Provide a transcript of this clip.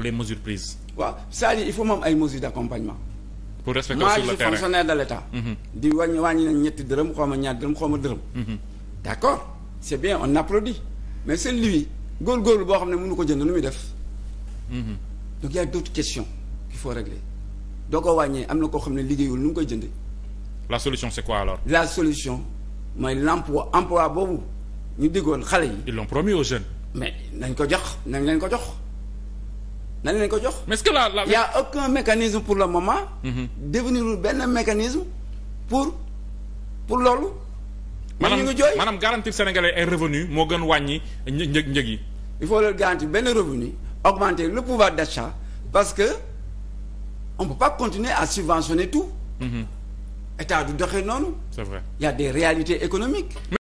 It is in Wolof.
que les mesures waaw cest à il faut moom ay mesures d'accompagnement. pour respecter fonctionnaire de l'État. Mm-hmm. di wàññi wàññi ñetti dërëm xaw ma ñaar dërëm xaw ma dërëm. Mm-hmm. d'accord c'est bien on applaudit mais c'est lui góorgóorlu boo xam ne mënu ko jënd nu muy def. Mm-hmm. donc il y a d'autres questions qu'il faut régler doo ko wàññee am na koo xam ne liggéeyul nu mu koy jëndee. la solution c'est quoi alors. la solution mooy l'emploi emploi boobu ñu diggoon xale yi. ils l'ont promis aux jeunes. mais nañ ko jox nan leen ko jox. mais est que la la. y a aucun mécanisme pour le moment. Mm-hmm. benn mécanisme pour pour loolu. man ñu nga jooy maanaam garantir sénégalais ay revenu moo gën wàññi njëg njëg yi. il faut leur garantir benn revenu augmenter le pouvoir d'achat parce que on peut pas continuer à subventionner tout. Mm-hmm. état du doxee noonu. c'est vrai il y a des